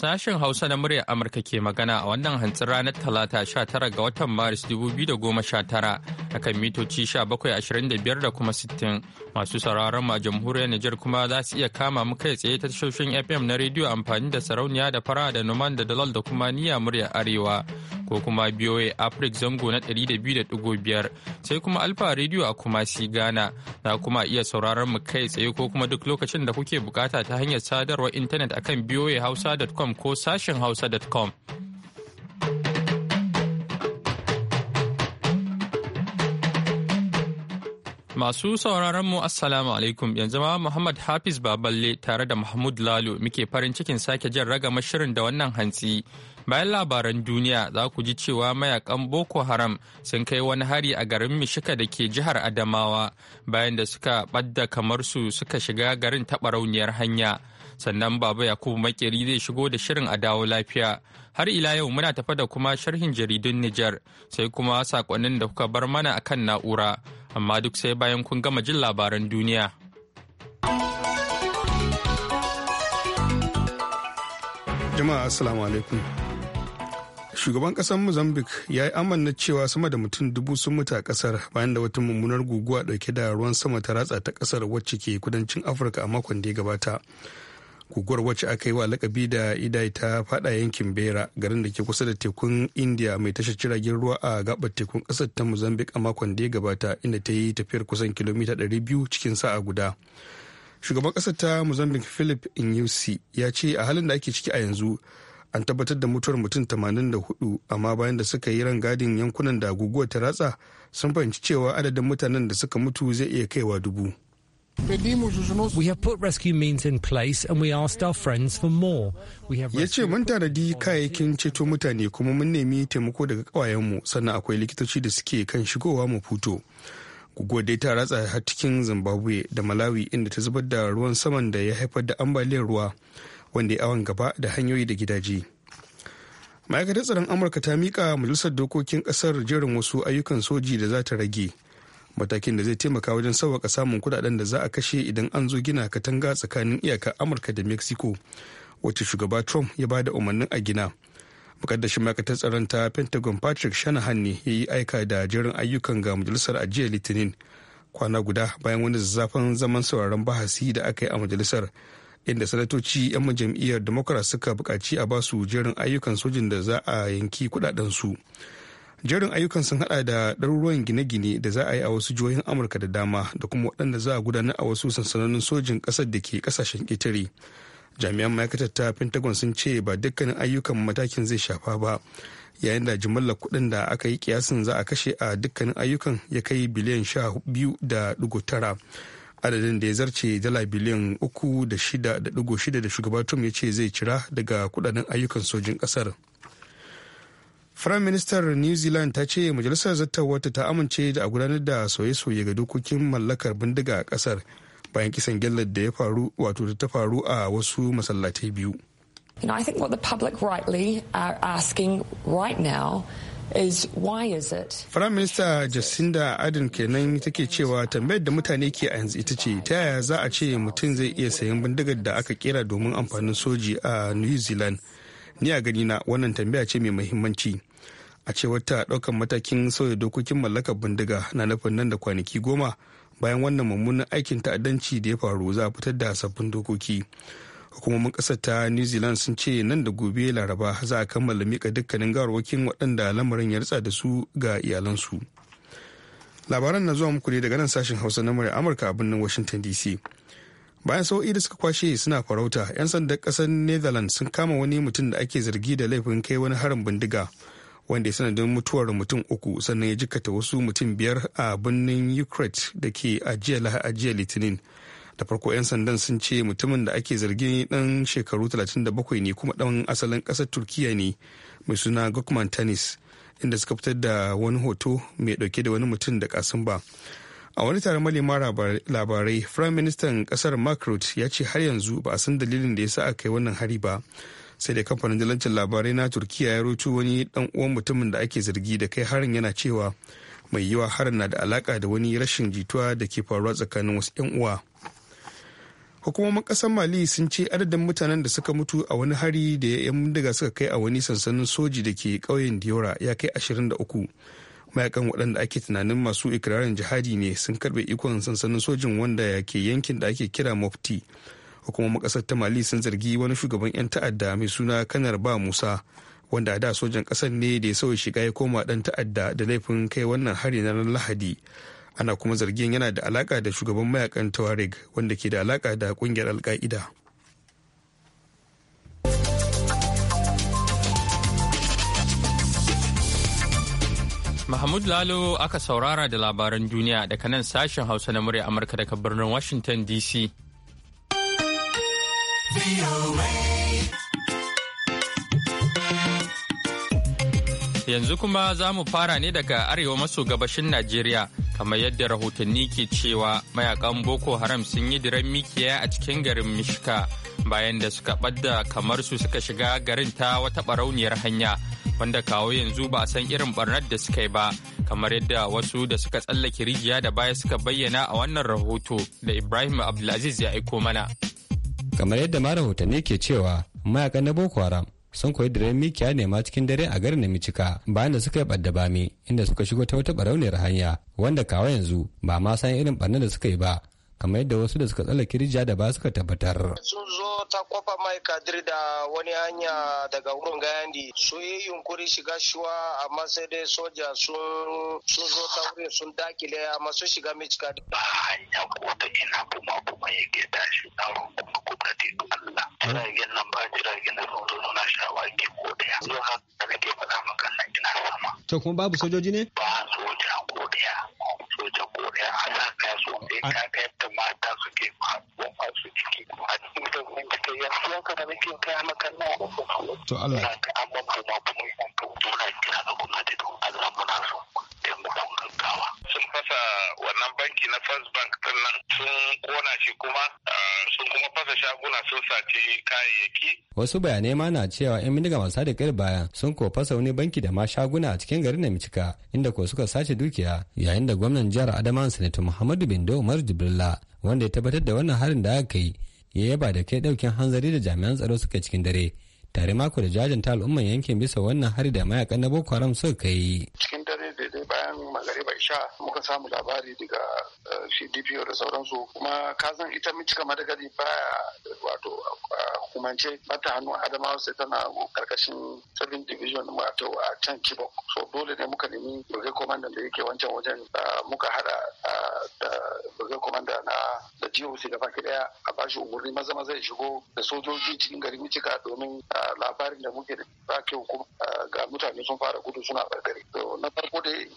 Sashen Hausa na muryar Amurka ke magana a wannan hantsin ranar Talata sha tara ga watan Maris sha 2019 kan mitoci sha bakwai ashirin da biyar da kuma sittin masu sauraron ma jamhuriyar Nijar kuma za su iya kama mu kai tsaye ta tashoshin FM na rediyo amfani da sarauniya da fara da numan da dalal da kuma niyya muryar Arewa ko kuma BOA Africa zango na ɗari da da biyu biyar sai kuma Alfa rediyo a kuma si Ghana za kuma iya sauraron mu kai tsaye ko kuma duk lokacin da kuke bukata ta hanyar sadarwar intanet akan BOA Hausa.com ko sashen hausa.com. Masu sauraron mu Assalamu alaikum yanzu ma Muhammad Hafiz Baballe tare da Mahmud Lalo muke farin cikin sake jan ragamar shirin da wannan hantsi. Bayan labaran duniya za ku ji cewa mayakan Boko Haram sun kai wani hari a garin Mishika da ke jihar Adamawa bayan da suka ɓadda kamar su suka shiga garin taɓa rauniyar hanya. sannan baba yakubu makeri zai shigo da shirin a dawo lafiya har ila yau muna tafa da kuma sharhin jaridun nijar sai kuma sakonnin da kuka bar mana akan na'ura amma duk sai bayan kun gama jin labaran duniya jama'a assalamu alaikum shugaban kasar mozambique ya yi amanna cewa sama da mutum dubu sun mutu a kasar bayan da wata mummunar guguwa dauke da ruwan sama ta ratsa ta kasar wacce ke kudancin afirka a makon da ya gabata guguwar wacce aka yi wa lakabi da idai ta fada yankin bera garin da ke kusa da tekun india mai tashar jiragen ruwa a gabar tekun kasar ta mozambique a makon da ya gabata inda ta yi tafiyar kusan kilomita 200 cikin sa'a guda shugaban kasar ta mozambique philip inyusi ya ce a halin da ake ciki a yanzu an tabbatar da mutuwar mutum 84 amma bayan da suka yi rangadin yankunan da guguwar ta ratsa sun fahimci cewa adadin mutanen da suka mutu zai iya kaiwa dubu. We put rescue means in place and we asked our friends Ya ce mun tanadi kayayyakin ceto mutane kuma mun nemi taimako daga kawayenmu sannan akwai likitoci da suke kan shigowa mu futo. Guguwar dai ta ratsa har cikin Zimbabwe da Malawi inda ta zubar da ruwan saman da ya haifar da ambaliyar ruwa wanda ya awon gaba da hanyoyi da gidaje. Ma'aikatar tsaron Amurka ta mika majalisar dokokin ƙasar jerin wasu ayyukan soji da za ta rage. matakin da zai taimaka wajen sauwaka samun kudaden da za a kashe idan an zo gina katanga tsakanin iyakar amurka da mexico wacce shugaba trump ya ba da umarnin a gina mukaddashin ma'aikatar tsaron ta pentagon patrick shanahan ne ya yi aika da jerin ayyukan ga majalisar a jiya litinin kwana guda bayan wani zazzafan zaman sauraron bahasi da aka yi a majalisar inda sanatoci 'yan jam'iyyar democrat suka bukaci a basu jerin ayyukan sojin da za a yanki kudaden su. jerin ayyukan sun hada da ɗaruruwan gine-gine da za a yi a wasu jihohin amurka da dama da kuma waɗanda za a gudanar a wasu sansanonin sojin ƙasar da ke ƙasashen ƙetare jami'an ma'aikatar ta pentagon sun ce ba dukkanin ayyukan matakin zai shafa ba yayin da jimillar kuɗin da aka yi kiyasin za a kashe a dukkanin ayyukan ya kai biliyan sha biyu da tara adadin da ya zarce dala biliyan uku da shida da shida da shugaba trump ya ce zai cira daga kuɗaɗen ayyukan sojin ƙasar. Firayim Ministar New Zealand ta ce majalisar zattawarta ta amince da a gudanar da soye-soye ga dokokin mallakar bindiga a kasar bayan kisan gillar da ya faru wato da ta faru a wasu masallatai biyu. I think what the public are asking Firayim Minista Jacinda Ardern kenan take cewa tambayar da mutane ke a yanzu ita ce ta yaya za a ce mutum zai iya sayan bindigar da aka kera domin amfanin soji a New Zealand. Ni a gani na wannan tambaya ce mai muhimmanci. a cewar ta ɗaukan matakin sauya dokokin mallakar bindiga na nufin nan da kwanaki goma bayan wannan mummunan aikin ta'addanci da ya faru za a fitar da sabbin dokoki hukumomin ƙasar ta new zealand sun ce nan da gobe laraba za a kammala mika dukkanin gawarwakin waɗanda lamarin ya ritsa da su ga iyalansu labaran na zuwa muku ne daga nan sashen hausa na murya amurka a birnin washington dc bayan sau'i da suka kwashe suna farauta 'yan sandan ƙasar netherlands sun kama wani mutum da ake zargi da laifin kai wani harin bindiga wanda ya sanadin mutuwar mutum uku sannan ya jikata wasu mutum biyar a birnin ukraine da ke ajiya litinin da farko 'yan sandan sun ce mutumin da ake zargin dan shekaru 37 ne kuma dan asalin kasar turkiya ne mai suna gokman tanis inda suka fitar da wani hoto mai dauke da wani mutum da kasan ba a wani taron malema labarai prime ministan kasar mark ya ce har yanzu ba a san dalilin da ya sa aka yi wannan hari ba sai da kamfanin dalancin labarai na turkiya ya roci wani dan uwan mutumin da ake zargi da kai harin yana cewa mai yiwa harin na da alaka da wani rashin jituwa da ke faruwa tsakanin wasu 'yan uwa hukumomin kasar mali sun ce adadin mutanen da suka mutu a wani hari da ya yan daga suka kai a wani sansanin soji da ke ƙauyen diora ya kai 23 mayakan waɗanda ake tunanin masu ikirarin jihadi ne sun karɓe ikon sansanin sojin wanda ya ke yankin da ake kira mofti hukumomin makasar ta mali sun zargi wani shugaban 'yan ta'adda mai suna kanar ba musa wanda da sojan kasar ne da ya sauya shiga ya koma dan ta'adda da laifin kai wannan hari na ran lahadi ana kuma zargin yana da alaka da shugaban mayakan tawarig wanda ke da alaka da kungiyar alka'ida Mahmud Lalo aka saurara da labaran duniya daga nan sashen Hausa na murya Amurka daga birnin Washington DC. Yanzu kuma za mu fara ne daga arewa maso gabashin Najeriya, kamar yadda rahotanni ke cewa mayakan Boko Haram sun yi diren mikiya a cikin garin Mishka bayan da suka ɓadda kamar su suka shiga garin ta wata barauniyar hanya, wanda kawo yanzu ba a san irin ɓarnar da suka yi ba, kamar yadda wasu da suka tsallake rijiya da baya suka bayyana a wannan rahoto da Ibrahim Abdulaziz ya aiko mana. kamar yadda ma rahotanni ke cewa mayaka na boko haram sun koyi daren mikiya nema cikin dare a garin namicika bayan da suka yi ɓadda bami inda suka shigo ta wata barauniyar hanya wanda kawa yanzu ba ma san irin ɓarnar da suka yi ba kamar yadda wasu da suka tsala kirja da ba suka tabbatar. Sun zo ta kofa mai kadiri da wani hanya daga wurin gayandi su yi yunkuri shiga shuwa amma sai dai soja sun zo ta wurin sun dakile amma sun shiga michika. Ba hanya ko ta ina kuma kuma yake tashi na kuma kuɗaɗe Allah. Jiragen nan ba jiragen da sun zo suna shawaki ko daya. Zuwa haka da ke faɗa maka nan ina sama. To kuma babu sojoji ne? Ba soja ko daya. soja ko ɗaya a sa kaya su ka ga yadda mata suke faɗuwa masu ciki a cikin da mun cika ya yanka da nake kaya maka na uku to Allah ka amma kuma kuma yanka muna kira ga gwamnati don Allah muna so taimakon gaggawa. Sun fasa wannan banki na First Bank din nan sun kona shi kuma sun kuma fasa shaguna sun sace kayayyaki. Wasu bayanai ma na cewa 'yan bindiga masu da kar bayan sun ko fasa wani banki da ma shaguna a cikin garin Namicika inda ko suka sace dukiya yayin da gwamnan jihar Adamawa Sanatu Muhammadu Bindo Umar Jibrilla wanda ya tabbatar da wannan harin da aka yi ya yaba da kai daukin hanzari da jami'an tsaro suka cikin dare. tare mako da jajanta al'umman yankin bisa wannan hari da mayakan na boko haram suka kai cikin bayan magariba isha muka samu labari daga eh, shi dpo da sauransu kuma san ita mitika madagari baya wato eh, hukumance bata hannu adamawa sai tana karkashin 7 division wato a can kibok so dole ne muka nemi burgai komandan da yake wancan wajen eh, muka hada da burgai komanda na da GOC da baki daya a bashi umarni maza maza ya shigo da sojoji cikin garin Michika domin labarin da muke da ba ke hukuma ga mutane sun fara gudu suna bargari. Na farko dai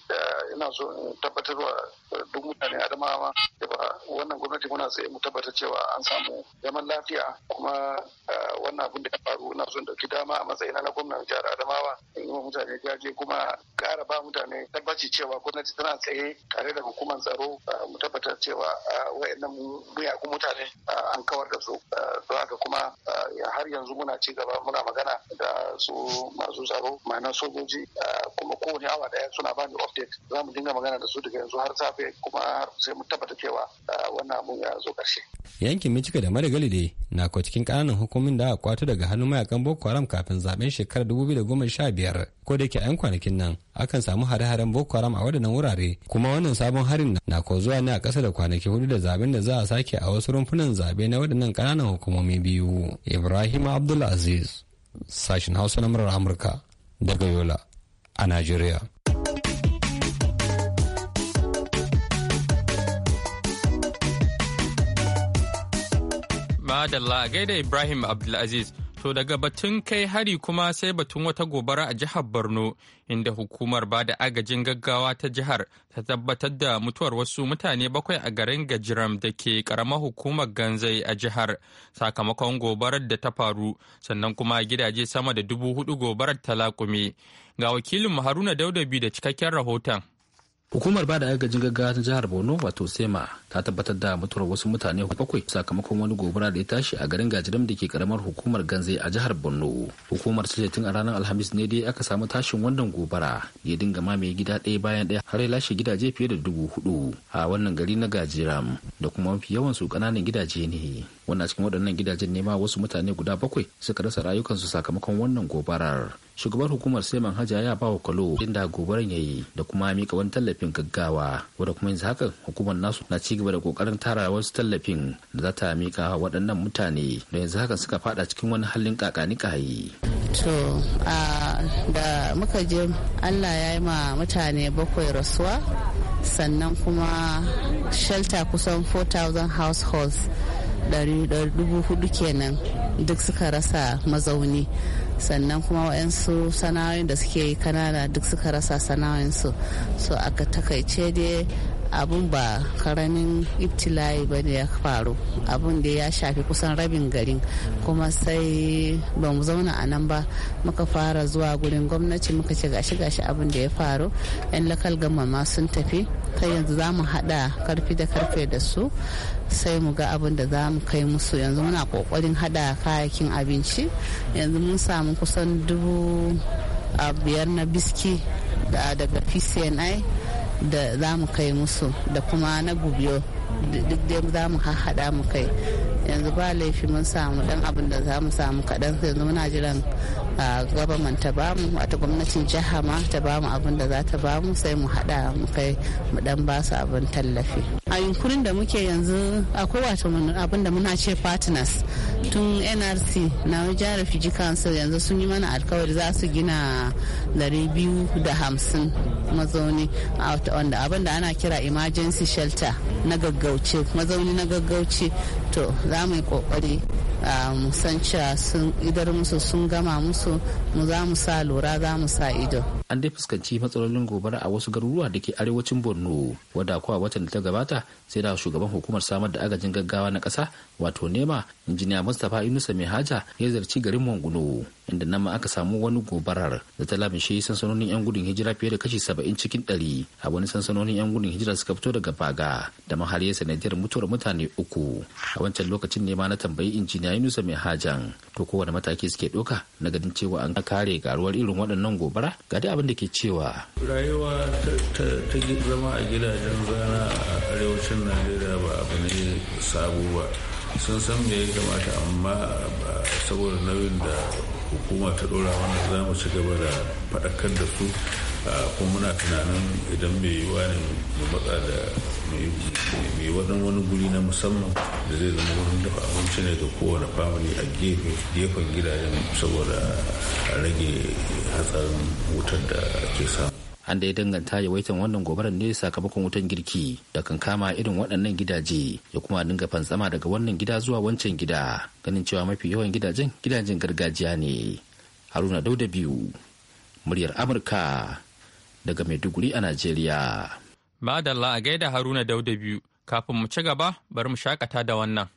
ina so in tabbatar wa eh, duk mutane adamawa cewa wannan gwamnati muna sai mu tabbatar cewa an samu zaman lafiya kuma eh, wannan abin da ya faru ina so in dauki dama a matsayina na gwamnan jihar adamawa in yi mutane jaje kuma kara ba mutane tabbaci cewa gwamnati tana tsaye tare da hukumar tsaro eh, mu tabbatar cewa wayannan miyagun mutane an kawar da su don haka kuma har yanzu muna ci gaba muna magana da su masu tsaro ma'ana sojoji kuma kowane awa daya suna bani update za mu dinga magana da su daga yanzu har safe kuma sai mu tabbata cewa wannan abun ya zo ƙarshe. yankin Michigan da marigali dai na ko cikin ƙananan hukumin da aka kwato daga hannun mayakan boko haram kafin zaben shekarar biyar ko da yake a 'yan kwanakin nan akan samu hare-haren boko haram a waɗannan wurare kuma wannan sabon harin na ko zuwa ne a ƙasa da kwanaki hudu da zaben da za a sake a wasu rumfunan zabe na waɗannan ƙananan hukumomi biyu ibrahim abdulaziz sashen hausa na murar amurka daga yola a nigeria. Madalla a gaida Ibrahim Abdulaziz. To daga batun kai hari kuma sai batun wata gobara a jihar Borno inda hukumar ba da agajin gaggawa ta jihar ta tabbatar da mutuwar wasu mutane bakwai a garin Gajiram da ke karamar hukumar Ganzai a jihar sakamakon gobarar da ta faru sannan kuma gidaje sama da dubu hudu gobarar ta lakumi Ga wakilin Haruna Daudabi da cikakken rahoton. Hukumar bada agajin gaggawa ta jihar Borno wato SEMA ta tabbatar da mutuwar wasu mutane bakwai sakamakon wani gobara da ya tashi a garin Gajiram da ke karamar hukumar Ganze a jihar Borno. Hukumar ta tun a ranar Alhamis ne dai aka samu tashin wannan gobara ya dinga mamaye gida ɗaya bayan ɗaya har ya lashe gidaje fiye da dubu hudu a wannan gari na Gajiram da kuma mafi yawan su kananan gidaje ne. wannan cikin waɗannan gidajen ne ma wasu mutane guda bakwai suka rasa rayukansu sakamakon wannan gobarar shugabar hukumar sai manhaja ya ba wa kwalo inda gobarar ya yi da kuma mika wani tallafin gaggawa wadda kuma yanzu haka hukumar nasu na ci gaba da kokarin tara wasu tallafin da za ta mika waɗannan mutane da yanzu haka suka fada cikin wani halin kakani kayi to da muka je allah ya yi ma mutane bakwai rasuwa sannan kuma shelter kusan 4,000 households 400 kenan duk suka rasa mazauni sannan kuma waɗansu sana'o'in da suke kanana duk suka rasa sana'o'insu so aka takaice dai abun ba karamin ibtila'i ba ne ya faru abun da ya shafi kusan rabin garin kuma sai ba mu zauna a nan ba muka fara zuwa gurin gwamnati muka ce gashi gashi abun da ya faru yan lakal gama ma sun tafi ta yanzu za mu haɗa karfi da karfe da su sai mu ga abin da za mu kai musu yanzu muna kokarin hada kayakin abinci yanzu mun samu kusan dubu ah, biyar na biski daga pcni da za mu kai musu da kuma na gubiyo duk dai za mu haɗa mu kai yanzu ba laifi mun samu dan abin da za mu samu kaɗan yanzu muna jiran gabaman ta ba mu wata gwamnatin jiha ma ta mu abin da za ta mu sai mu haɗa mu kai mu dan basu abin tallafi a yunkurin da muke yanzu akwai wato abin da muna ce partners tun nrc na wajen refugee council yanzu sun yi mana alkawari za su gina 250 mazauni wanda abin da ana kira emergency shelter na gaggauce mazauni na gaggauce to za mu yi kokari mu san cewa sun idar musu sun gama musu mu za mu sa lura za mu sa ido. An dai fuskanci matsalolin gobara a wasu garuruwa da ke arewacin Borno wadda kuwa watan da ta gabata sai da shugaban hukumar samar da agajin gaggawa na ƙasa wato nema injiniya mustapha yunusa mai haja ya zarci garin manguno inda nan aka samu wani gobarar da ta lamishe sansanonin yan gudun hijira fiye da kashi saba'in cikin ɗari a wani sansanonin yan gudun hijira suka fito daga baga da mahar sanadiyar mutuwar mutane uku a wancan lokacin nema na tambayi injiniya yunusa mai hajan to kowane mataki suke ɗauka na ganin cewa an kare garuwar irin waɗannan gobara ga dai abin da ke cewa rayuwa ta zama a gidajen zana a arewacin najeriya ba abu ne sabo ba sun san me ya kamata amma saboda nauyin da hukuma ta dora wani za mu ci gaba da faɗakar da su kuma muna tunanin idan mai yiwuwa ne mu matsa da mai wadan wani guri na musamman da zai zama wurin dafa abinci ne ga kowane famili a gefe gefen gidajen saboda rage hatsarin wutar da ke samu an da ya danganta yawaitan wannan gobarar ne sakamakon wutan girki da kan kama irin waɗannan gidaje ya kuma dinga fantsama daga wannan gida zuwa wancan gida ganin cewa mafi yawan gidajen gidajen gargajiya ne haruna dauda biyu muryar amurka daga maiduguri a najeriya madalla a gaida haruna dauda biyu kafin mu ci gaba bari mu shakata da wannan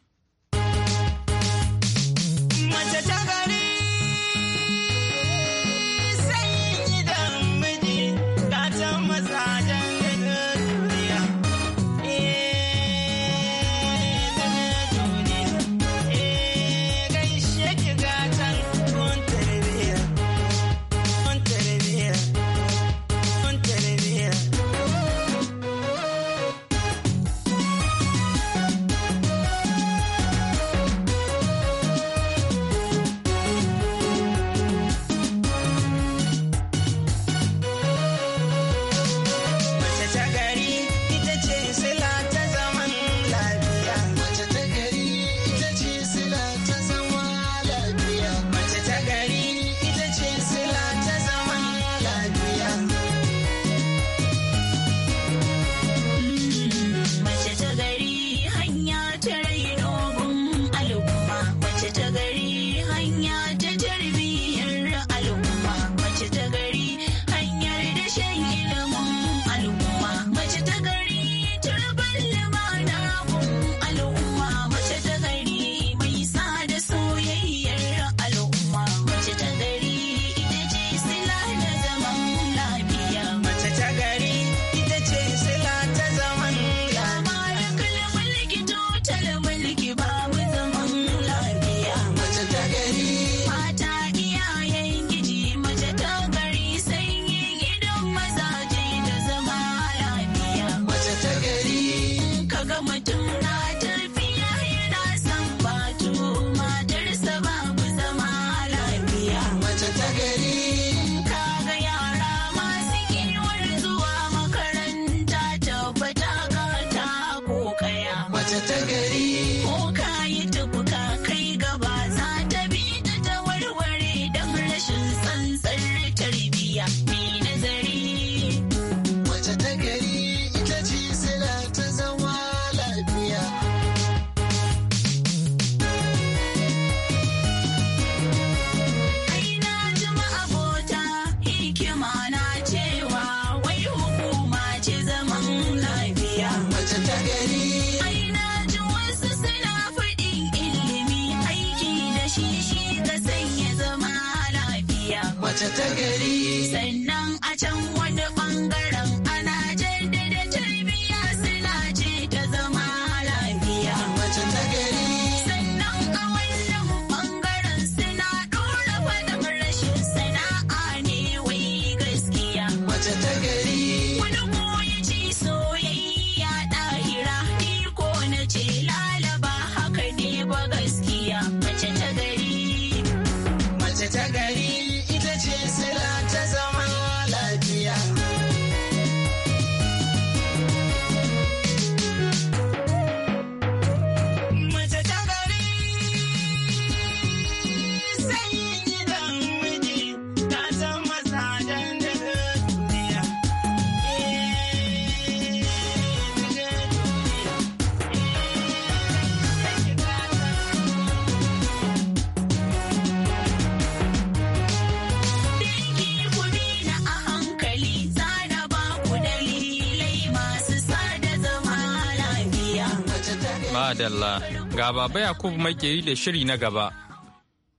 Adalla ga baba Yakubu makeri da shiri na gaba.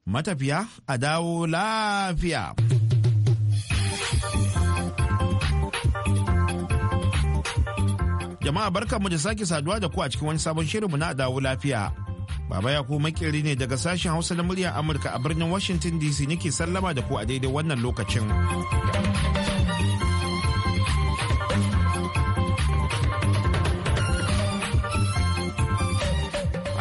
Matafiya a dawo lafiya. Jama'a barkanmu da sake saduwa da ku a cikin wani sabon shirinmu na dawo lafiya. Baba Yakubu makeri ne daga sashen Hausa na muryar Amurka a birnin Washington DC nake sallama da ku a daidai wannan lokacin.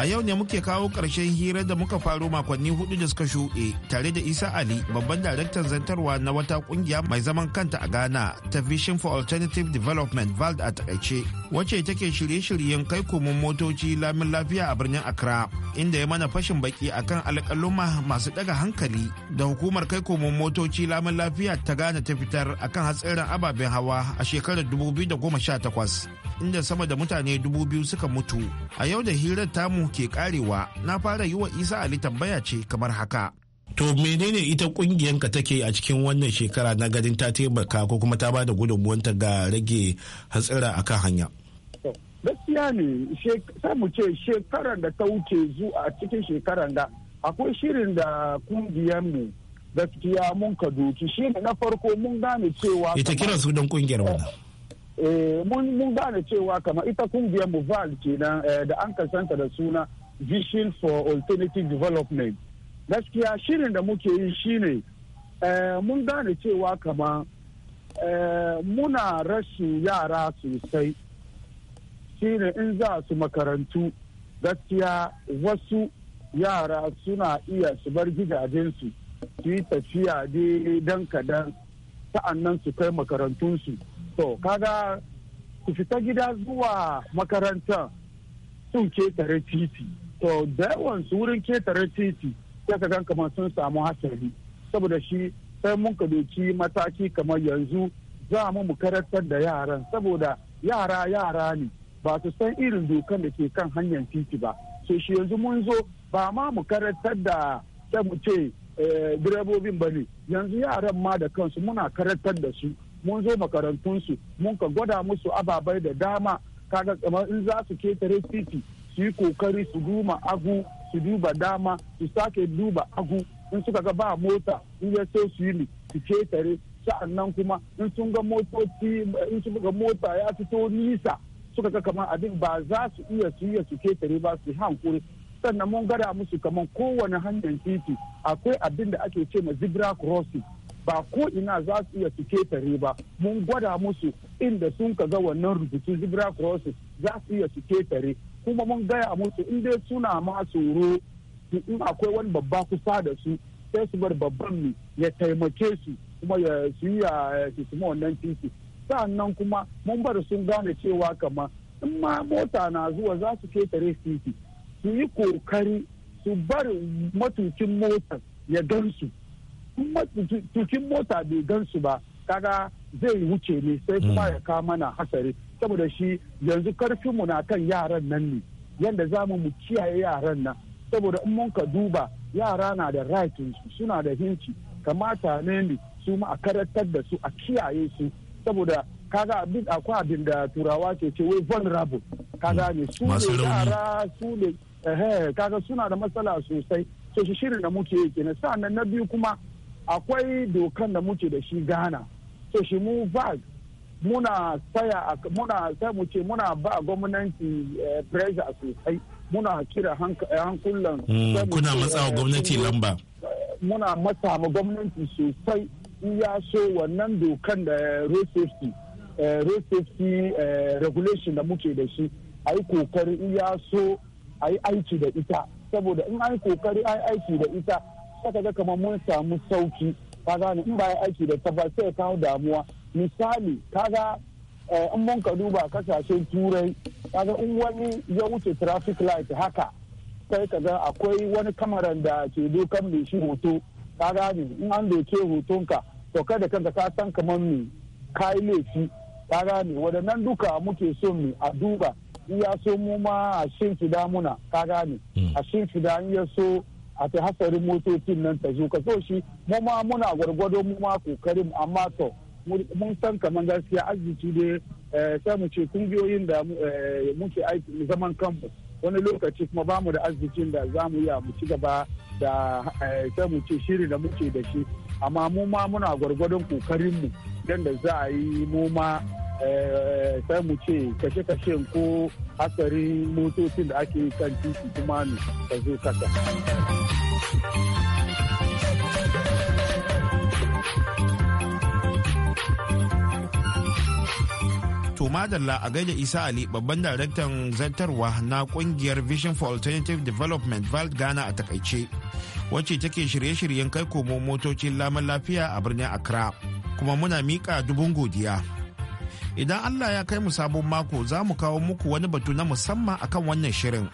yau ne muke kawo ƙarshen hira da muka faro makonni hudu da suka shuɗe tare da Isa Ali babban daraktan zantarwa na wata ƙungiya mai zaman kanta a Ghana ta Vision for Alternative Development VALD a takaice wacce take shirye-shiryen kai komin motoci lamin lafiya a birnin Accra inda ya mana fashin baki akan alƙaluma masu daga hankali da hukumar kai komin motoci lamin lafiya ta Ghana ta fitar akan hatsarin ababen hawa a shekarar sha 2018 inda sama da mutane 2000 suka mutu a yau da hirar tamu ke karewa na fara yi wa isa ali tambaya ce kamar haka to menene ita kungiyanka take a cikin wannan shekara na ganin ta taimaka ko kuma ta bada gudunmuwanta ga rage hatsira kan hanya gaskiya ne sai ce shekarar da ta wuce zuwa a cikin shekarar da akwai shirin da kungiyar mu gaskiya mun ka doki shi na farko mun gane cewa ita kira su dan kungiyar wannan Eh, mun gane cewa kama ita kungiyar muval kenan eh, da an kasanta da suna vision for alternative development gaskiya shirin da muke yi shine eh, mun gane cewa kama muna rashin yara sosai shine in za su makarantu gaskiya wasu yara suna iya su bar gidajensu su yi tafiya dai dan kadan sa'annan su kai makarantunsu to kaga ku fita gida zuwa makarantar sun ketare titi to da yawan su wurin ketare titi sai ka gan kamar sun samu hatsari saboda shi sai mun ka doki mataki kamar yanzu za mu mu karantar da yaran saboda yara yara ne ba su san irin dokan da ke kan hanyar titi ba so shi yanzu mun zo ba ma mu karantar da sai mu ce eh, direbobin ba ne yanzu yaran ma da kansu muna karantar da su mun zo makarantunsu mun ka gwada musu ababai da dama kaga kamar in za su ketare titi su yi kokari su duma agu su duba dama su sake duba agu in suka ga ba mota in ya so su yi su ketare sa'annan kuma in sun ga motoci in sun ga mota ya fito nisa suka ga kamar abin ba za su iya su iya su ketare ba su hankuri sannan mun gada musu kamar kowane hanyar titi akwai abin da ake ce ma zebra crossing ba ko ina za su iya su ketare ba mun gwada musu inda sun ka ga wannan rubutu zebra crosses za su iya su ketare kuma mun gaya musu in dai suna ma tsoro in akwai wani babba kusa da su sai su bar babban mu ya taimake su kuma ya su yi a eh, sisima wannan titi sannan kuma mun bar sun gane cewa kama in ma mota na zuwa za su ketare titi su yi kokari su bar matukin motar ya gan tukin mota bai gansu ba kaga zai wuce ne sai kuma hmm. ya kawo mana hasari saboda shi yanzu karfinmu na kan yaran nan ne yanda za mu mu kiyaye yaran nan saboda in mun ka duba yara na da rakin su suna da hinci kamata ne ne su ma a karatar da su a kiyaye su saboda kaga abin akwai abin da turawa ke ce wai rabu kaga hmm. ne su ne yara su ne kaga suna da matsala sosai so shi shirin da muke yi kenan sa'annan na biyu kuma akwai dokan da muke da shi ghana so shi mu vag muna saya muna sai mu ce muna ba gwamnati eh, pressure sosai muna kira eh, hankulan hmm, kuna wa eh, gwamnati lamba muna matsa ma gwamnati sosai in so wannan dokan da road safety road regulation da muke da shi a yi kokari in so a yi aiki da ita saboda in an yi kokari yi aiki da ita ka ga kamar mun samu sauki ka gane in ba aiki da tabbas sai kawo damuwa misali ka kaga eh, in mun ka duba kasashen turai ga in wani ya wuce traffic light haka sai ga akwai wani kamaran da ke dokan mai shi hoto ka gane in an doke hotonka to kada kanka ka san kamar me kayi laifi ka gane waɗannan duka muke son mu a duba in so mu ma a shimfida muna ka gane hmm. a shimfida in ya so a ta hasarin motocin nan ta zo ka so shi mu ma muna gwargwado mu ma kokarin amma to mun san kamar gaskiya arziki ne eh, sai mu ce kungiyoyin da eh, muke aiki zaman kanmu wani lokaci kuma ba mu da arzikin da za mu yi mu ci gaba da eh, sai mu ce shiri da muke da shi amma mu ma muna gwargwadon kokarin don da za a yi mu ma Eh, sai mu ce kashe-kashen ko hatsarin motocin da ake kan titi kuma ne ta zo kasa. To madalla a gaida Isa Ali babban daraktan zartarwa na kungiyar Vision for Alternative Development Val Ghana a takaice, wacce take shirye-shiryen kai komo motocin laman lafiya a birnin Accra. Kuma muna miƙa dubun godiya. idan Allah ya kai mu sabon mako za mu kawo muku wani batu na musamman akan wannan shirin.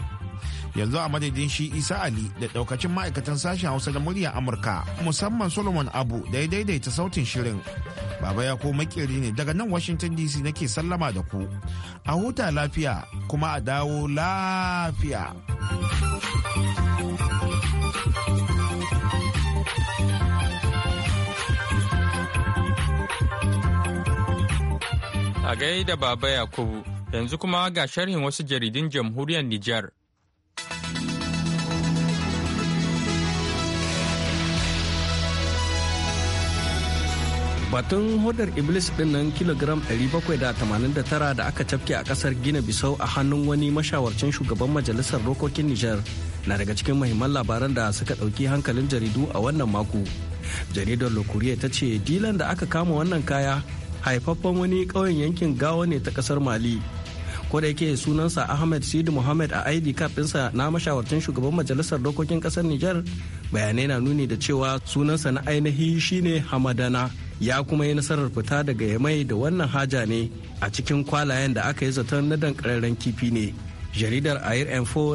Yanzu a madadin shi Isa Ali da ɗaukacin ma'aikatan sashen Hausa da muryar Amurka musamman Solomon Abu da ya daidaita sautin shirin. Baba ya ko makeri ne daga nan Washington DC nake sallama da ku. A huta lafiya kuma a dawo lafiya. A da Baba Yakubu, yanzu kuma ga sharhin wasu jaridun jamhuriyar Nijar. batun hodar iblis din nan kilogram 789 da aka cafke a kasar gina bisau a hannun wani mashawarcin shugaban majalisar dokokin nijar na daga cikin mahimman labaran da suka ɗauki hankalin jaridu a wannan mako jaridar lokuriya ta ce dilan da aka kama wannan kaya haifaffen wani ƙauyen yankin gawa ne ta ƙasar mali da yake sunansa ahmed sidi muhammad a id card ɗinsa na mashawartan shugaban majalisar dokokin ƙasar niger bayanai na nuni da cewa sunansa na ainihi shine hamadana ya kuma yi nasarar fita daga yamai da wannan haja ne a cikin kwalayen da aka yi zaton na dankararren kifi ne jaridar air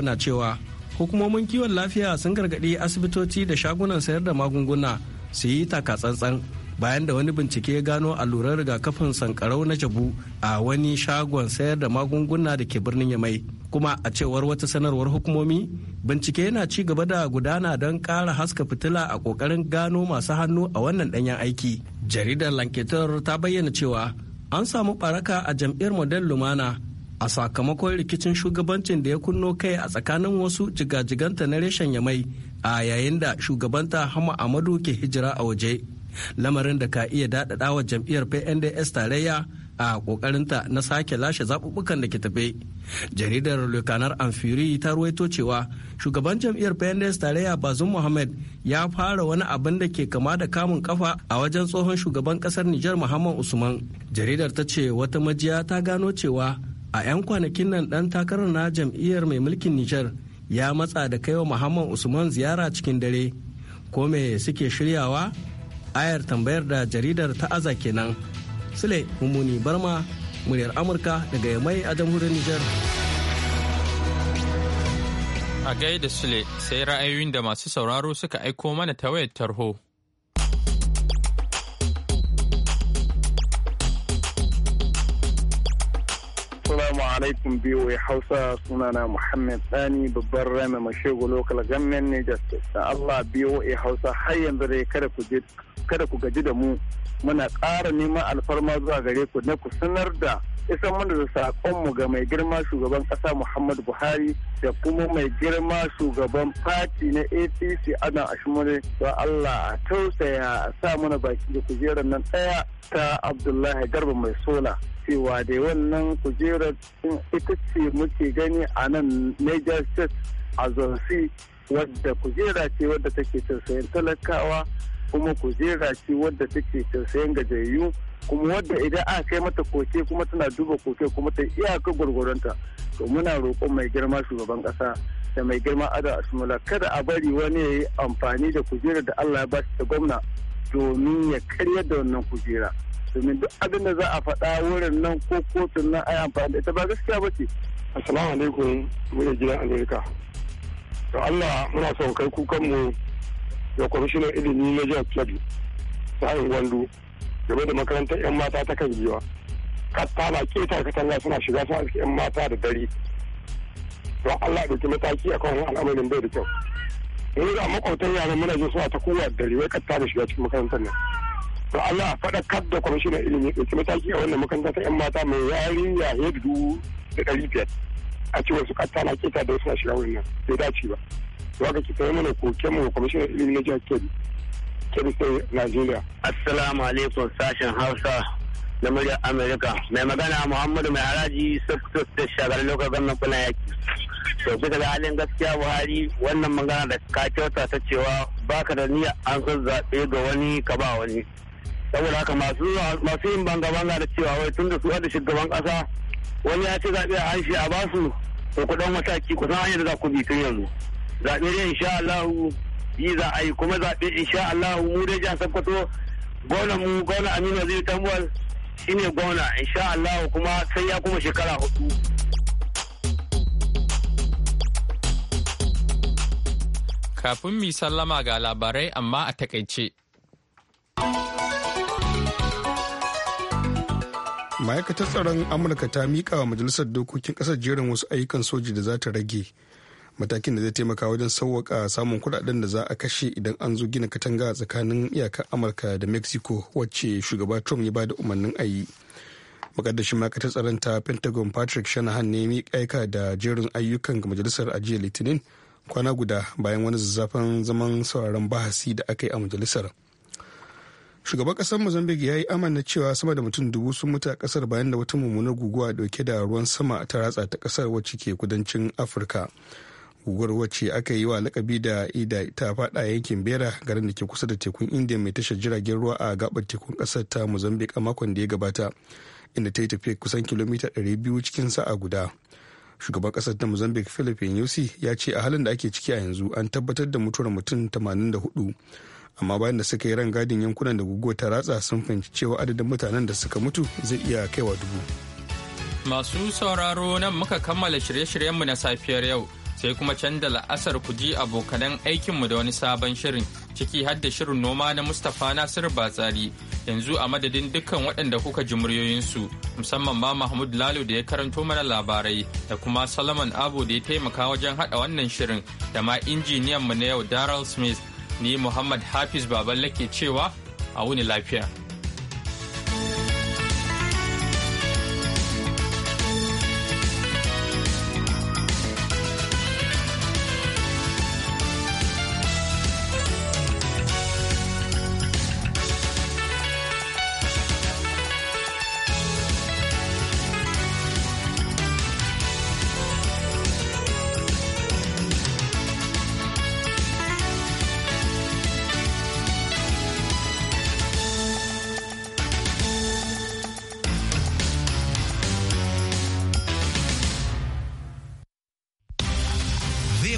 na cewa hukumomin kiwon lafiya sun gargaɗi asibitoci da shagunan sayar da magunguna su yi taka tsantsan. bayan da wani bincike ya gano allurar rigakafin sankarau na jabu a wani shagon sayar da magunguna da ke birnin yamai kuma a cewar wata sanarwar hukumomi bincike yana ci gaba da gudana don ƙara haska fitila a ƙoƙarin gano masu hannu a wannan ɗanyen aiki jaridar lanketar ta bayyana cewa an samu ɓaraka a jam'iyyar model lumana a sakamakon rikicin shugabancin da ya kunno kai a tsakanin wasu jigajiganta na reshen yamai a yayin da shugabanta hama amadu ke hijira a waje lamarin da ka iya daɗaɗa wa jam'iyyar pnds tarayya a ƙoƙarinta na sake lashe zaɓuɓɓukan da ke tafe jaridar lukanar amfiri ta ruwaito cewa shugaban jam'iyyar pnds tarayya bazum muhammad ya fara wani abin da ke kama da kamun kafa a wajen tsohon shugaban ƙasar nijar muhammad usman jaridar ta ce wata majiya ta gano cewa a 'yan kwanakin nan dan takarar na jam'iyyar mai mulkin nijar ya matsa da kaiwa muhammad usman ziyara cikin dare ko me suke shiryawa ayar tambayar da jaridar ta aza kenan sule mummuni barma muryar amurka daga yamai a jamhuriyar nijar a gaida sule sai ra'ayoyin da masu sauraro suka aiko mana ta wayar tarho alaikum biyu Hausa sunana Muhammad Sani babban rami mashego local government ne da Allah biyu Hausa har yanzu dai kada ku je kada ku gaji da mu muna ƙara neman alfarma zuwa gare ku na ku sanar da isan mana da saƙonmu ga mai girma shugaban ƙasa muhammadu buhari da kuma mai girma shugaban fati na apc adam ashimole don allah a tausaya a sa mana baki da kujerar nan ɗaya ta abdullahi garba mai sola cewa da wannan kujerar ita ce muke gani a nan niger state a zonsi wadda kujera ce wadda take tausayin talakawa kuma kujera ce wadda take tausayin gajayyu kuma wadda idan aka kai mata koke kuma tana duba koke kuma ta iyaka gwargwaronta to muna roƙon mai girma shugaban ƙasa da mai girma ada asmula kada a bari wani ya yi amfani da kujera da allah ya ba shi ta gwamna domin ya karya da wannan kujera domin duk abin da za a faɗa wurin nan ko kotun nan ai amfani da ita ba gaskiya ba ce assalamu alaikum mu gidan amerika to allah muna son kai kukan mu da kwamishinan ilimi na jihar Kebbi Sa'in Gwandu game da makarantar 'yan mata ta kan giwa. Katta na keta katanga suna shiga suna suke 'yan mata da dare. Don Allah ɗauki mataki a kan al'amarin bai da kyau. Mun ga makwautan yaran muna jin suna ta kowa dare wai katta da shiga cikin makarantar nan. Don Allah kad da kwamishinan ilimi ɗauki mataki a wannan makarantar ta 'yan mata mai yarinya ya dubu da ɗari biyar. A cewar su katta na keta da suna shiga wurin nan bai dace ba. to haka ki kai mana koken mu kwamishinan ilimin na jihar Kebbi Kebbi sai nigeria. assalamu alaikum sashen Hausa na muryar Amerika mai magana Muhammadu mai haraji Sokoto da shagar lokacin gwamnan kula yaki to bisa ga halin gaskiya Buhari wannan magana da ka kyauta ta cewa baka da niyya an san zaɓe ga wani ka ba wani saboda haka masu masu yin banga banga da cewa wai tunda da su da shugaban kasa wani ya ce zaɓe a hanshi a basu ko kuɗin ɗan kusan ku san hanyar da za ku bi tun yanzu zaɓe dai insha Allahu yi za a yi kuma zaɓe insha Allahu mu dai jihar Sokoto gona mu gona Aminu Aziz Tambuwal shine gona insha Allahu kuma sai ya kuma shekara hudu. Kafin mi sallama ga labarai amma a takaice. ma'aikatar tsaron amurka ta miƙa wa majalisar dokokin ƙasar jerin wasu ayyukan soji da za ta rage matakin da zai taimaka wajen sauwaka samun kudaden da za a kashe idan an zo gina katanga tsakanin iyakar amurka da mexico wacce shugaba trump ya bada umarnin a yi makaddashin ma'aikatar tsaron ta pentagon patrick shanahan ne mi aika da jerin ayyukan ga majalisar ajiyar litinin kwana guda bayan wani zazzafan zaman sauraron bahasi da aka yi a majalisar shugaban kasar mozambique ya yi amana cewa sama da mutum dubu sun mutu a kasar bayan da wata mummunar guguwa dauke da ruwan sama ta ratsa ta kasar wacce ke kudancin afirka guguwar wacce aka yi wa lakabi da ida ta fada yankin bera garin da ke kusa da tekun india mai tashar jiragen ruwa a gabar tekun kasar ta mozambique a makon da ya gabata inda ta yi tafiya kusan kilomita 200 cikin sa'a guda shugaban kasar ta mozambique philip yusi ya ce a halin da ake ciki a yanzu an tabbatar da mutuwar mutum 84 amma bayan da suka yi rangadin yankunan da guguwar ta ratsa sun fahimci cewa adadin mutanen da suka mutu zai iya kaiwa dubu masu sauraro nan muka kammala shirye-shiryenmu na safiyar yau sai kuma canza la'asar ku ji abokanan aikinmu da wani sabon shirin ciki har da shirin noma na Mustapha Nasir Batsari yanzu a madadin dukkan waɗanda kuka ji muryoyinsu musamman ma Mahmud Lalo da ya karanto mana labarai da kuma Solomon Abu da ya taimaka wajen haɗa wannan shirin da ma injiniyan mu na yau Daryl Smith ni Muhammad Hafiz Baballe ke cewa a wuni lafiya.